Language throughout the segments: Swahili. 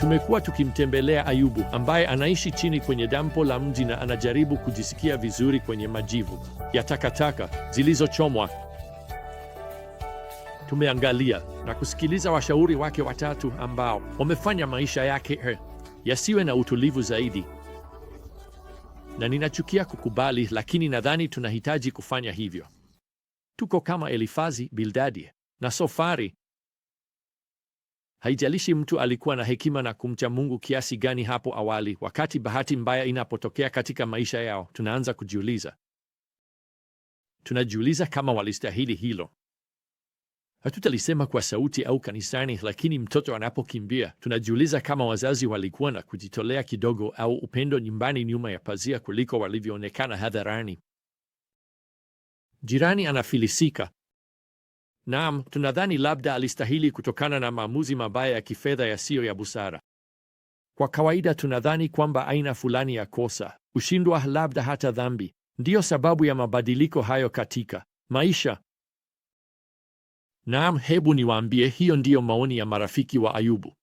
Tumekuwa tukimtembelea Ayubu ambaye anaishi chini kwenye dampo la mji na anajaribu kujisikia vizuri kwenye majivu ya takataka zilizochomwa. Tumeangalia na kusikiliza washauri wake watatu ambao wamefanya maisha yake eh, yasiwe na utulivu zaidi, na ninachukia kukubali, lakini nadhani tunahitaji kufanya hivyo. Tuko kama Elifazi, Bildadi na Sofari. Haijalishi mtu alikuwa na hekima na kumcha Mungu kiasi gani hapo awali, wakati bahati mbaya inapotokea katika maisha yao, tunaanza kujiuliza, tunajiuliza kama walistahili hilo. Hatutalisema kwa sauti au kanisani, lakini mtoto anapokimbia, tunajiuliza kama wazazi walikuwa na kujitolea kidogo au upendo nyumbani nyuma ya pazia kuliko walivyoonekana hadharani. Jirani anafilisika Naam, tunadhani labda alistahili kutokana na maamuzi mabaya ya kifedha yasiyo ya busara. Kwa kawaida tunadhani kwamba aina fulani ya kosa, ushindwa, labda hata dhambi, ndiyo sababu ya mabadiliko hayo katika maisha. Naam, hebu niwaambie, hiyo ndiyo maoni ya marafiki wa Ayubu.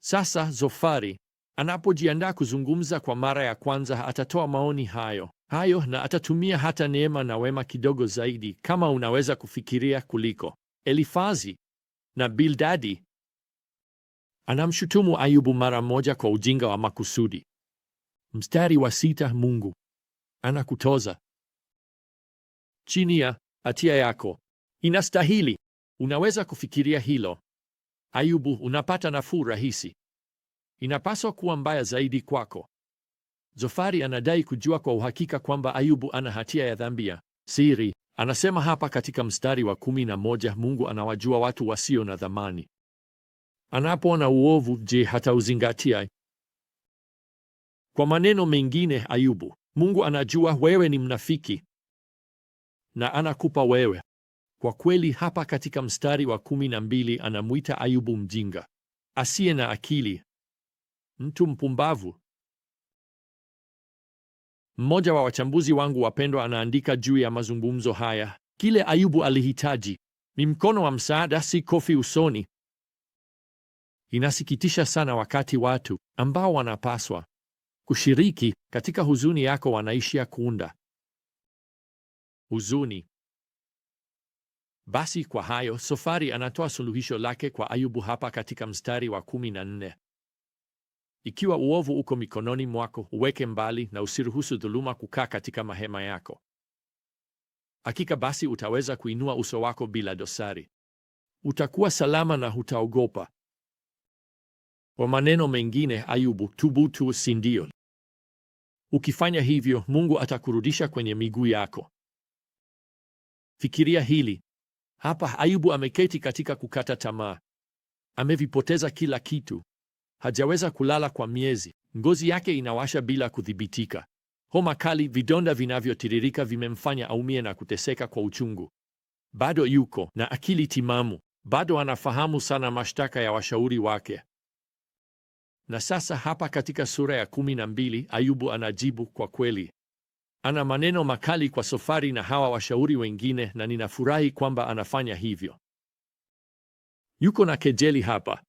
Sasa Zofari anapojiandaa kuzungumza kwa mara ya kwanza, atatoa maoni hayo hayo na atatumia hata neema na wema kidogo zaidi, kama unaweza kufikiria, kuliko Elifazi na Bildadi. Anamshutumu Ayubu mara moja kwa ujinga wa makusudi. Mstari wa sita, Mungu anakutoza chini ya hatia yako, inastahili. Unaweza kufikiria hilo? Ayubu, unapata nafuu rahisi. Inapaswa kuwa mbaya zaidi kwako. Zofari anadai kujua kwa uhakika kwamba Ayubu ana hatia ya dhambi ya siri. Anasema hapa katika mstari wa kumi na moja, Mungu anawajua watu wasio na dhamani. Anapoona uovu, je, hatauzingatia? Kwa maneno mengine, Ayubu, Mungu anajua wewe ni mnafiki na anakupa wewe. Kwa kweli, hapa katika mstari wa kumi na mbili anamwita Ayubu mjinga, asiye na akili, mtu mpumbavu. Mmoja wa wachambuzi wangu wapendwa anaandika juu ya mazungumzo haya, kile Ayubu alihitaji ni mkono wa msaada, si kofi usoni. Inasikitisha sana wakati watu ambao wanapaswa kushiriki katika huzuni yako wanaishia kuunda huzuni. Basi kwa hayo, Sofari anatoa suluhisho lake kwa Ayubu hapa katika mstari wa 14 ikiwa uovu uko mikononi mwako, uweke mbali na usiruhusu dhuluma kukaa katika mahema yako. Hakika basi utaweza kuinua uso wako bila dosari, utakuwa salama na hutaogopa. Kwa maneno mengine, Ayubu, tubutu sindio si ndio? Ukifanya hivyo, Mungu atakurudisha kwenye miguu yako. Fikiria hili. Hapa Ayubu ameketi katika kukata tamaa, amevipoteza kila kitu hajaweza kulala kwa miezi, ngozi yake inawasha bila kudhibitika, homa kali, vidonda vinavyotiririka vimemfanya aumie na kuteseka kwa uchungu. Bado yuko na akili timamu, bado anafahamu sana mashtaka ya washauri wake. Na sasa hapa katika sura ya kumi na mbili Ayubu anajibu kwa kweli, ana maneno makali kwa Sofari na hawa washauri wengine, na ninafurahi kwamba anafanya hivyo. Yuko na kejeli hapa.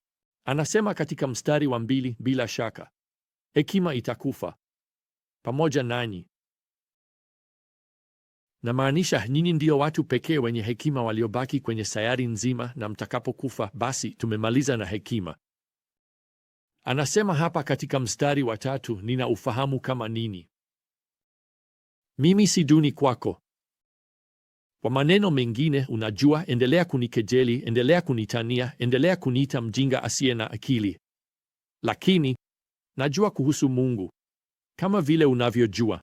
Anasema katika mstari wa mbili, bila shaka hekima itakufa pamoja nanyi. Namaanisha nyinyi ndio watu pekee wenye hekima waliobaki kwenye sayari nzima, na mtakapokufa basi tumemaliza na hekima. Anasema hapa katika mstari wa tatu, nina ufahamu kama nini. Mimi si duni kwako. Kwa maneno mengine, unajua, endelea kunikejeli, endelea kunitania, endelea kuniita mjinga asiye na akili, lakini najua kuhusu Mungu kama vile unavyojua.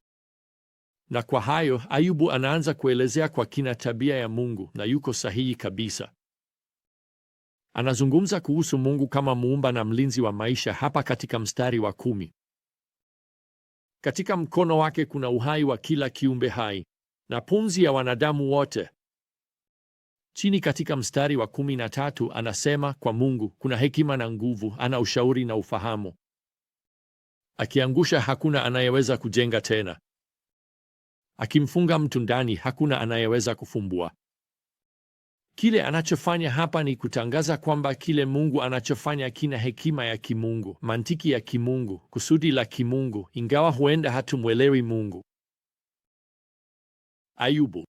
Na kwa hayo Ayubu anaanza kuelezea kwa kina tabia ya Mungu, na yuko sahihi kabisa. Anazungumza kuhusu Mungu kama muumba na mlinzi wa maisha hapa katika mstari wa kumi. Katika mkono wake kuna uhai wa kila kiumbe hai na pumzi ya wanadamu wote. Chini katika mstari wa kumi na tatu anasema kwa Mungu kuna hekima na nguvu, ana ushauri na ufahamu. Akiangusha, hakuna anayeweza kujenga tena. Akimfunga mtu ndani, hakuna anayeweza kufumbua. Kile anachofanya hapa ni kutangaza kwamba kile Mungu anachofanya kina hekima ya kimungu, mantiki ya kimungu, kusudi la kimungu, ingawa huenda hatumwelewi Mungu. Ayubu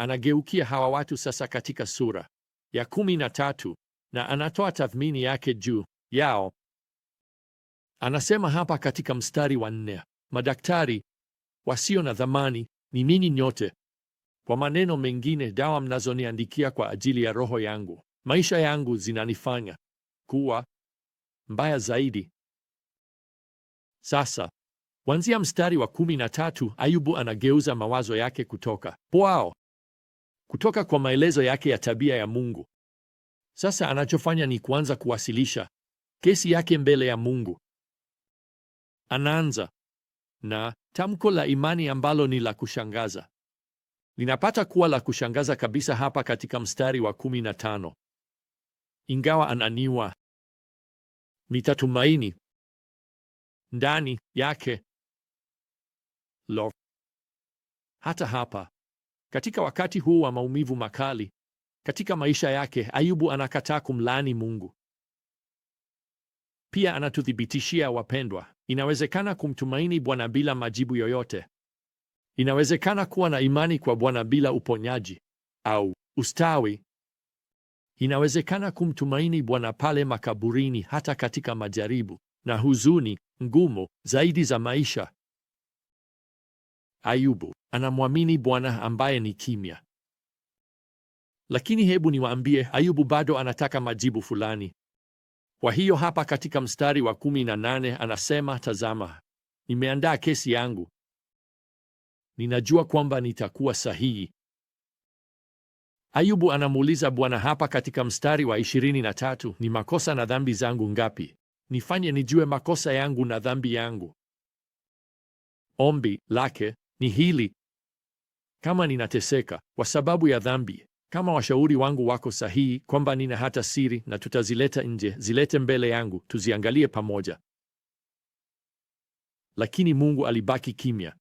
anageukia hawa watu sasa katika sura ya kumi na tatu na anatoa tathmini yake juu yao. Anasema hapa katika mstari wa nne, madaktari wasio na dhamani ni nini nyote? Kwa maneno mengine, dawa mnazoniandikia kwa ajili ya roho yangu, maisha yangu, zinanifanya kuwa mbaya zaidi. Sasa Kuanzia mstari wa kumi na tatu, Ayubu anageuza mawazo yake kutoka poao, kutoka kwa maelezo yake ya tabia ya Mungu. Sasa anachofanya ni kuanza kuwasilisha kesi yake mbele ya Mungu. Anaanza na tamko la imani ambalo ni la kushangaza, linapata kuwa la kushangaza kabisa hapa katika mstari wa tano. ingawa ananiwa, nitatumaini ndani yake. Lord. Hata hapa katika wakati huu wa maumivu makali katika maisha yake, Ayubu anakataa kumlaani Mungu. Pia anatuthibitishia wapendwa, inawezekana kumtumaini Bwana bila majibu yoyote. Inawezekana kuwa na imani kwa Bwana bila uponyaji au ustawi. Inawezekana kumtumaini Bwana pale makaburini, hata katika majaribu na huzuni ngumu zaidi za maisha. Ayubu anamwamini Bwana ambaye ni kimya. Lakini hebu niwaambie, Ayubu bado anataka majibu fulani. Kwa hiyo hapa katika mstari wa kumi na nane anasema, tazama, nimeandaa kesi yangu, ninajua kwamba nitakuwa sahihi. Ayubu anamuuliza Bwana hapa katika mstari wa ishirini na tatu ni makosa na dhambi zangu ngapi? Nifanye nijue makosa yangu na dhambi yangu. Ombi lake ni hili: kama ninateseka kwa sababu ya dhambi, kama washauri wangu wako sahihi kwamba nina hata siri na tutazileta nje, zilete mbele yangu tuziangalie pamoja. Lakini Mungu alibaki kimya,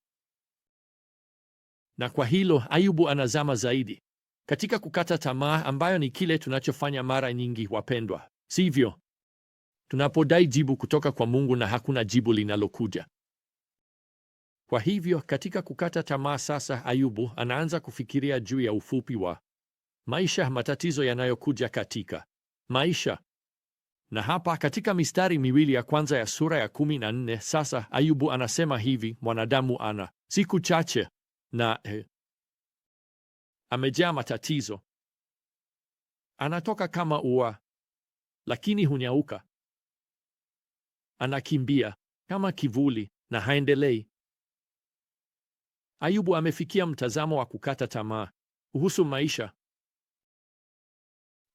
na kwa hilo Ayubu anazama zaidi katika kukata tamaa, ambayo ni kile tunachofanya mara nyingi, wapendwa, sivyo? Tunapodai jibu kutoka kwa Mungu na hakuna jibu linalokuja. Kwa hivyo katika kukata tamaa sasa, Ayubu anaanza kufikiria juu ya ufupi wa maisha, matatizo yanayokuja katika maisha. Na hapa katika mistari miwili ya kwanza ya sura ya kumi na nne sasa Ayubu anasema hivi: mwanadamu ana siku chache na eh, amejaa matatizo, anatoka kama ua lakini hunyauka, anakimbia kama kivuli na haendelei. Ayubu amefikia mtazamo wa kukata tamaa kuhusu maisha.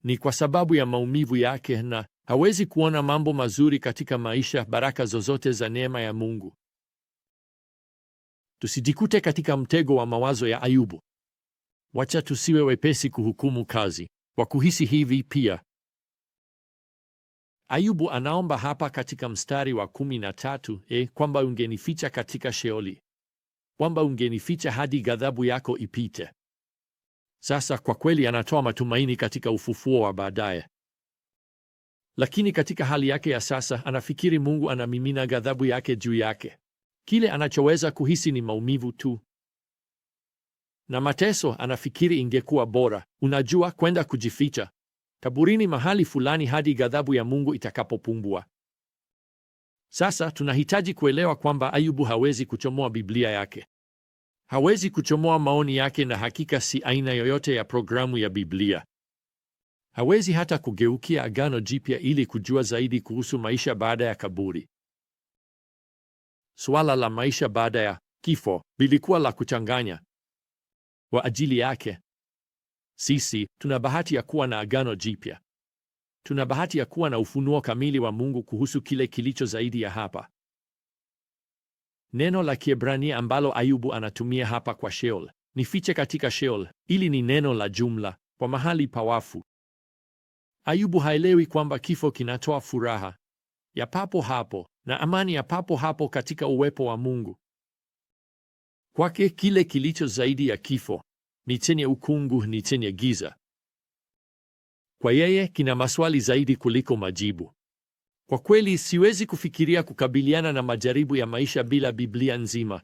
Ni kwa sababu ya maumivu yake na hawezi kuona mambo mazuri katika maisha, baraka zozote za neema ya Mungu. Tusijikute katika mtego wa mawazo ya Ayubu. Wacha tusiwe wepesi kuhukumu kazi kwa kuhisi hivi pia. Ayubu anaomba hapa katika mstari wa kumi na tatu, e, kwamba ungenificha katika Sheoli kwamba ungenificha hadi ghadhabu yako ipite. Sasa kwa kweli anatoa matumaini katika ufufuo wa baadaye, lakini katika hali yake ya sasa anafikiri Mungu anamimina ghadhabu yake juu yake. Kile anachoweza kuhisi ni maumivu tu na mateso. Anafikiri ingekuwa bora, unajua, kwenda kujificha kaburini mahali fulani hadi ghadhabu ya Mungu itakapopungua. Sasa tunahitaji kuelewa kwamba Ayubu hawezi kuchomoa Biblia yake, hawezi kuchomoa maoni yake, na hakika si aina yoyote ya programu ya Biblia. Hawezi hata kugeukia Agano Jipya ili kujua zaidi kuhusu maisha baada ya kaburi. Suala la maisha baada ya kifo lilikuwa la kuchanganya kwa ajili yake. Sisi tuna bahati ya kuwa na Agano Jipya Tuna bahati ya kuwa na ufunuo kamili wa Mungu kuhusu kile kilicho zaidi ya hapa. Neno la Kiebrania ambalo Ayubu anatumia hapa kwa Sheol ni fiche katika Sheol, ili ni neno la jumla kwa mahali pa wafu. Ayubu haelewi kwamba kifo kinatoa furaha ya papo hapo na amani ya papo hapo katika uwepo wa Mungu. Kwake kile kilicho zaidi ya kifo ni chenye ukungu, ni chenye giza kwa yeye kina maswali zaidi kuliko majibu. Kwa kweli, siwezi kufikiria kukabiliana na majaribu ya maisha bila Biblia nzima.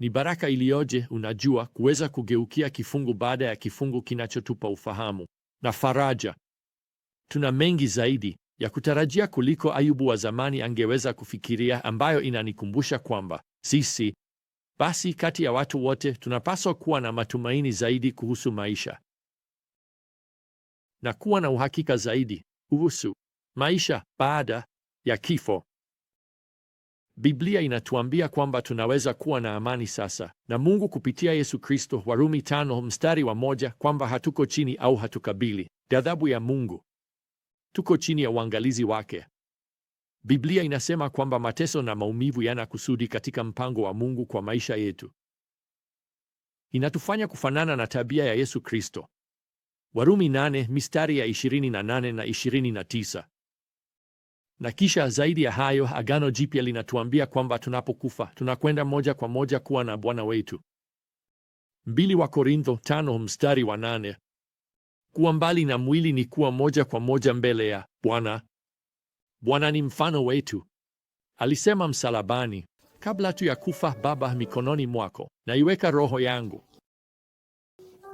Ni baraka iliyoje, unajua, kuweza kugeukia kifungu baada ya kifungu kinachotupa ufahamu na faraja. Tuna mengi zaidi ya kutarajia kuliko Ayubu wa zamani angeweza kufikiria, ambayo inanikumbusha kwamba sisi basi kati ya watu wote tunapaswa kuwa na matumaini zaidi kuhusu maisha na kuwa na uhakika zaidi kuhusu maisha baada ya kifo. Biblia inatuambia kwamba tunaweza kuwa na amani sasa na Mungu kupitia Yesu Kristo, Warumi tano mstari wa moja, kwamba hatuko chini au hatukabili ghadhabu ya Mungu, tuko chini ya uangalizi wake. Biblia inasema kwamba mateso na maumivu yana kusudi katika mpango wa Mungu kwa maisha yetu. Inatufanya kufanana na tabia ya Yesu Kristo. Warumi nane mistari ya 28 na 29. Na na kisha zaidi ya hayo, Agano Jipya linatuambia kwamba tunapokufa tunakwenda moja kwa moja kuwa na Bwana wetu. Mbili wa Korintho tano mstari wa nane. Kuwa mbali na mwili ni kuwa moja kwa moja mbele ya Bwana. Bwana ni mfano wetu, alisema msalabani, kabla tu ya kufa, Baba, mikononi mwako naiweka roho yangu.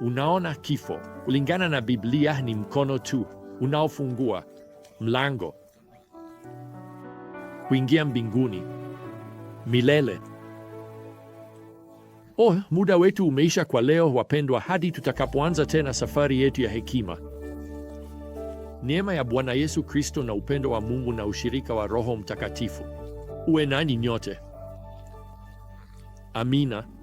Unaona, kifo kulingana na Biblia ni mkono tu unaofungua mlango kuingia mbinguni milele. Oh, muda wetu umeisha kwa leo wapendwa, hadi tutakapoanza tena safari yetu ya hekima. Neema ya Bwana Yesu Kristo na upendo wa Mungu na ushirika wa Roho Mtakatifu uwe nani nyote. Amina.